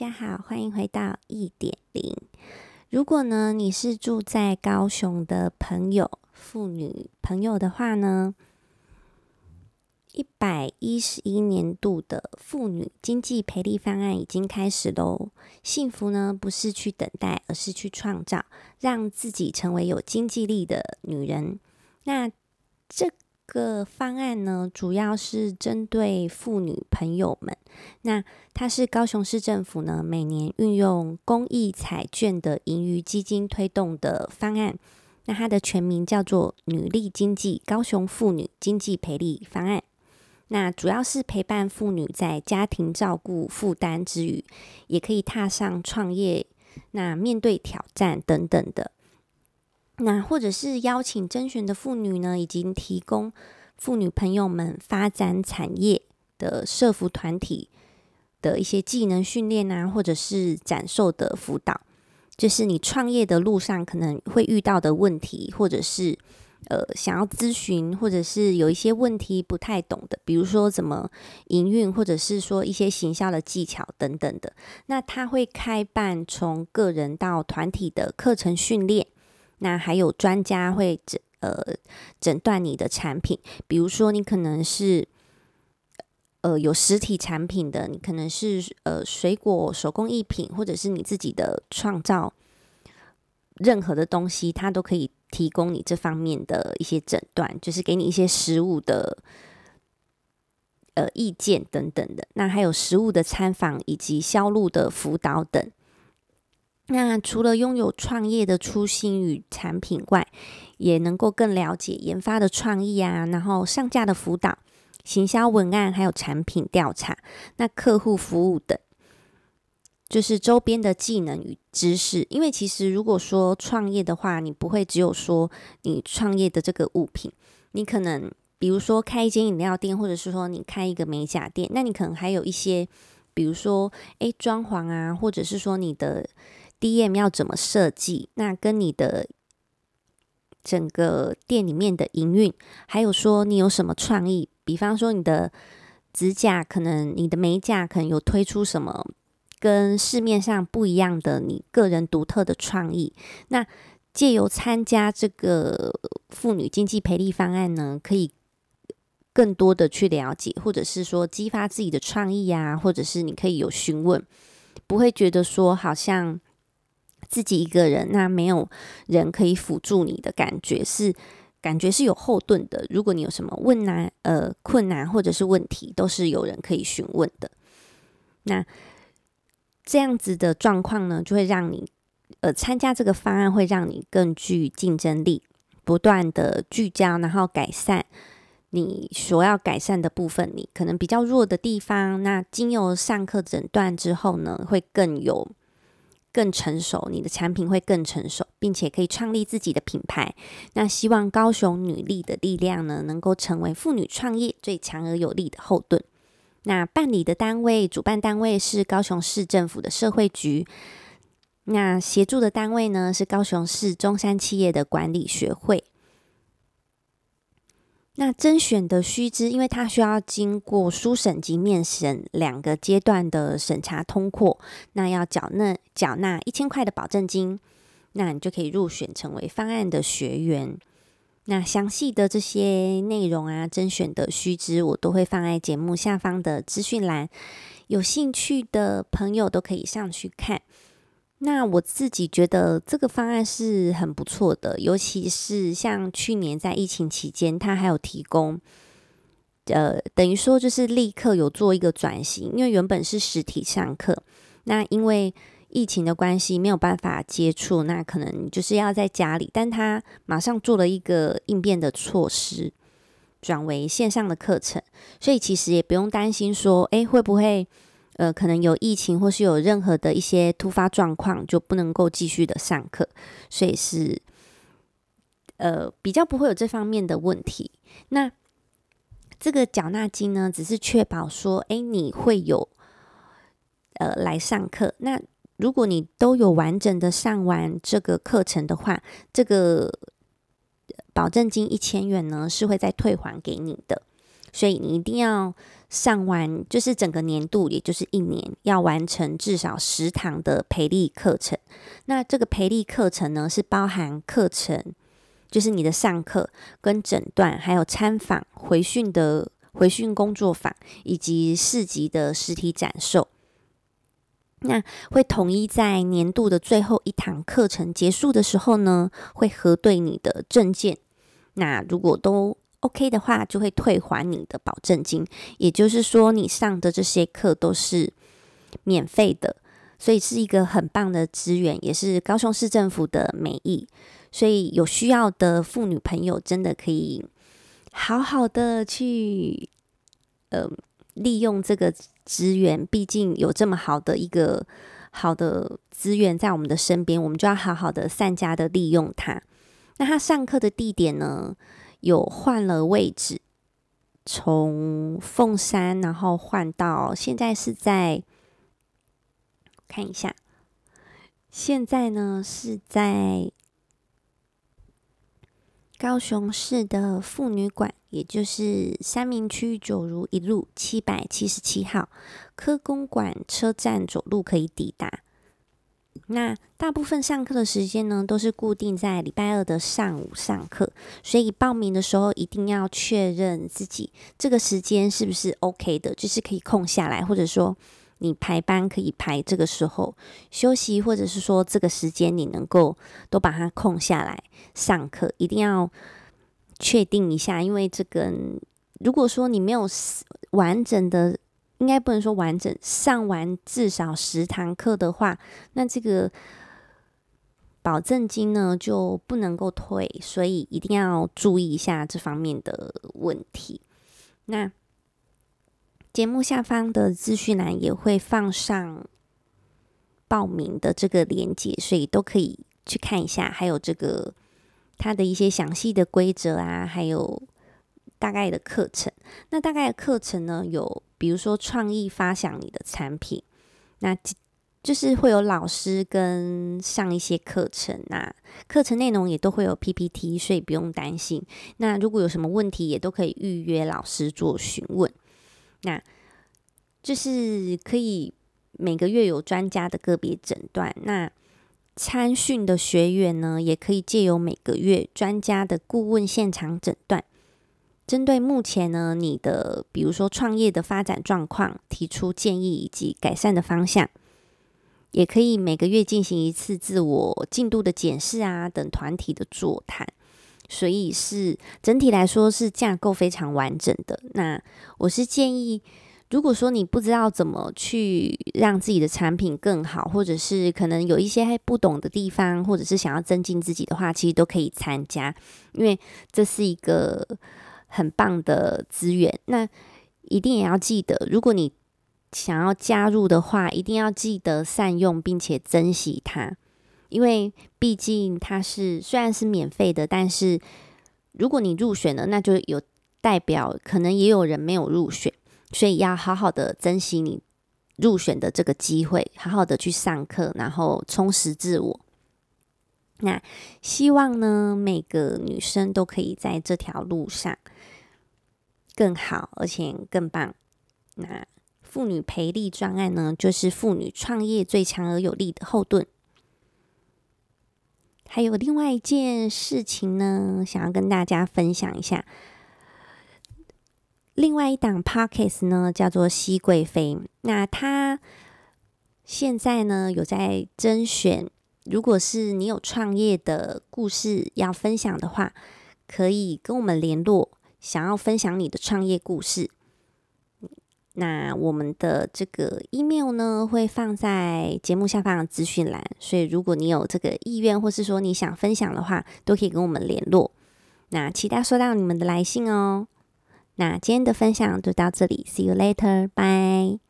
大家好，歡迎回到一點零。如果呢你是住在高雄的朋友，婦女朋友的話呢，一百一十一年度的婦女經濟培力方案已經開始嘍。幸福呢不是去等待，而是去創造，讓自己成為有經濟力的女人。那這個方案呢，主要是針對婦女朋友們。那它是高雄市政府呢，每年運用公益彩券的盈餘基金推動的方案。那它的全名叫做“女力經濟高雄婦女經濟培力方案”。那主要是陪伴婦女在家庭照顧負擔之餘，也可以踏上創業，那面對挑戰等等的。那或者是邀請甄選的婦女呢，已經提供婦女朋友們發展產業的社服團體的一些技能訓練啊，或者是展售的輔導，就是你創業的路上可能會遇到的問題，或者是呃想要諮詢，或者是有一些問題不太懂的，比如說怎麼營運，或者是說一些行銷的技巧等等的，那他會開辦從個人到團體的課程訓練。那還有專家會診，呃，診斷你的產品，比如說你可能是，呃，有實體產品的，你可能是呃水果手工藝品，或者是你自己的創造，任何的東西，他都可以提供你這方面的一些診斷，就是給你一些實務的，呃，意見等等的。那還有實務的參訪，以及銷路的輔導等。那除了擁有創業的初心與產品外，也能夠更了解研發的創意啊，然後上架的輔導、行銷文案，還有產品調查、那客戶服務等，就是周邊的技能與知識。因為其實如果說創業的話，你不會只有說你創業的這個物品，你可能比如說開一間飲料店，或者是說你開一個美甲店，那你可能還有一些，比如說哎，裝潢啊，或者是說你的。DM 要怎麼設計？那跟你的整個店裡面的營運，還有說你有什麼創意？比方說你的指甲，可能你的美甲，可能有推出什麼跟市面上不一樣的，你個人獨特的創意？那借由參加這個婦女經濟培力方案呢，可以更多的去了解，或者是說激發自己的創意啊，或者是你可以有詢問，不會覺得說好像。自己一個人，那沒有人可以輔助你的感覺是，感覺是有後盾的。如果你有什麼困難、呃困難或者是問題，都是有人可以詢問的。那這樣子的狀況呢，就會讓你，呃，參加這個方案會讓你更具競爭力，不斷的聚焦，然後改善你所要改善的部分，你可能比較弱的地方。那經由上課診斷之後呢，會更有。更成熟，你的產品會更成熟，並且可以創立自己的品牌。那希望高雄女力的力量呢，能夠成為婦女創業最強而有力的後盾。那辦理的單位、主辦單位是高雄市政府的社會局，那協助的單位呢，是高雄市中山企業的管理學會。那甄選的須知，因為它需要經過書審及面審兩個階段的審查通過，那要繳納繳納一千塊的保證金，那你就可以入選成為方案的學員。那詳細的這些內容啊，甄選的須知我都會放在節目下方的資訊欄，有興趣的朋友都可以上去看。那我自己覺得這個方案是很不錯的，尤其是像去年在疫情期間，他還有提供，呃，等於說就是立刻有做一個轉型，因為原本是實體上課，那因為疫情的關係沒有辦法接觸，那可能就是要在家裡，但他馬上做了一個應變的措施，轉為線上的課程，所以其實也不用擔心說，誒，會不會？呃，可能有疫情或是有任何的一些突發狀況，就不能夠繼續的上課，所以是呃比較不會有這方面的問題。那這個繳納金呢，只是確保說，哎，你會有呃來上課。那如果你都有完整的上完這個課程的話，這個保證金一千元呢，是會再退還給你的。所以你一定要上完，就是整個年度，也就是一年，要完成至少十堂的培力課程。那這個培力課程呢，是包含課程，就是你的上課、跟診斷，還有參訪、回訓的回訓工作坊，以及市級的實體展售。那會統一在年度的最後一堂課程結束的時候呢，會核對你的證件。那如果都 OK 的話，就會退還你的保證金。也就是說，你上的這些課都是免費的，所以是一個很棒的資源，也是高雄市政府的美意。所以有需要的婦女朋友，真的可以好好的去呃利用這個資源。畢竟有這麼好的一個好的資源在我們的身邊，我們就要好好的善加的利用它。那他上課的地點呢？有換了位置，從鳳山，然後換到現在是在看一下，現在呢是在高雄市的婦女館，也就是三民區九如一路七百七十七號，科工館車站走路可以抵達。那大部分上課的時間呢，都是固定在禮拜二的上午上課，所以報名的時候一定要確認自己這個時間是不是 OK 的，就是可以空下來，或者說你排班可以排這個時候休息，或者是說這個時間你能夠都把它空下來上課，一定要確定一下，因為這個如果說你沒有完整的。應該不能說完整，上完至少十堂課的話，那這個保證金呢，就不能夠退，所以一定要注意一下這方面的問題。那節目下方的資訊欄也會放上報名的這個鏈接，所以都可以去看一下，還有這個它的一些詳細的規則啊，還有。大概的課程，那大概的課程呢，有比如說創意發想你的產品，那就是會有老師跟上一些課程，那課程內容也都會有 PPT，所以不用擔心。那如果有什麼問題，也都可以預約老師做詢問。那就是可以每個月有專家的個別診斷。那參訓的學員呢，也可以借由每個月專家的顧問現場診斷。針對目前呢，你的比如說創業的發展狀況，提出建議以及改善的方向，也可以每個月進行一次自我進度的檢視啊，等團體的座談。所以是整體來說是架構非常完整的。那我是建議，如果說你不知道怎麼去讓自己的產品更好，或者是可能有一些還不懂的地方，或者是想要增進自己的話，其實都可以參加，因為這是一個。很棒的資源，那一定也要記得，如果你想要加入的話，一定要記得善用並且珍惜它，因為畢竟它是雖然是免費的，但是如果你入選了，那就有代表，可能也有人沒有入選，所以要好好的珍惜你入選的這個機會，好好的去上課，然後充實自我。那希望呢，每個女生都可以在這條路上更好，而且更棒。那婦女培力專案呢，就是婦女創業最強而有力的後盾。還有另外一件事情呢，想要跟大家分享一下。另外一檔 podcast 呢，叫做《稀貴妃》，那她現在呢，有在甄選。如果是你有創業的故事要分享的話，可以跟我們聯絡。想要分享你的創業故事，那我們的這個 email 呢，會放在節目下方的資訊欄。所以如果你有這個意願，或是說你想分享的話，都可以跟我們聯絡。那期待收到你們的來信哦。那今天的分享就到這裡，See you later，bye。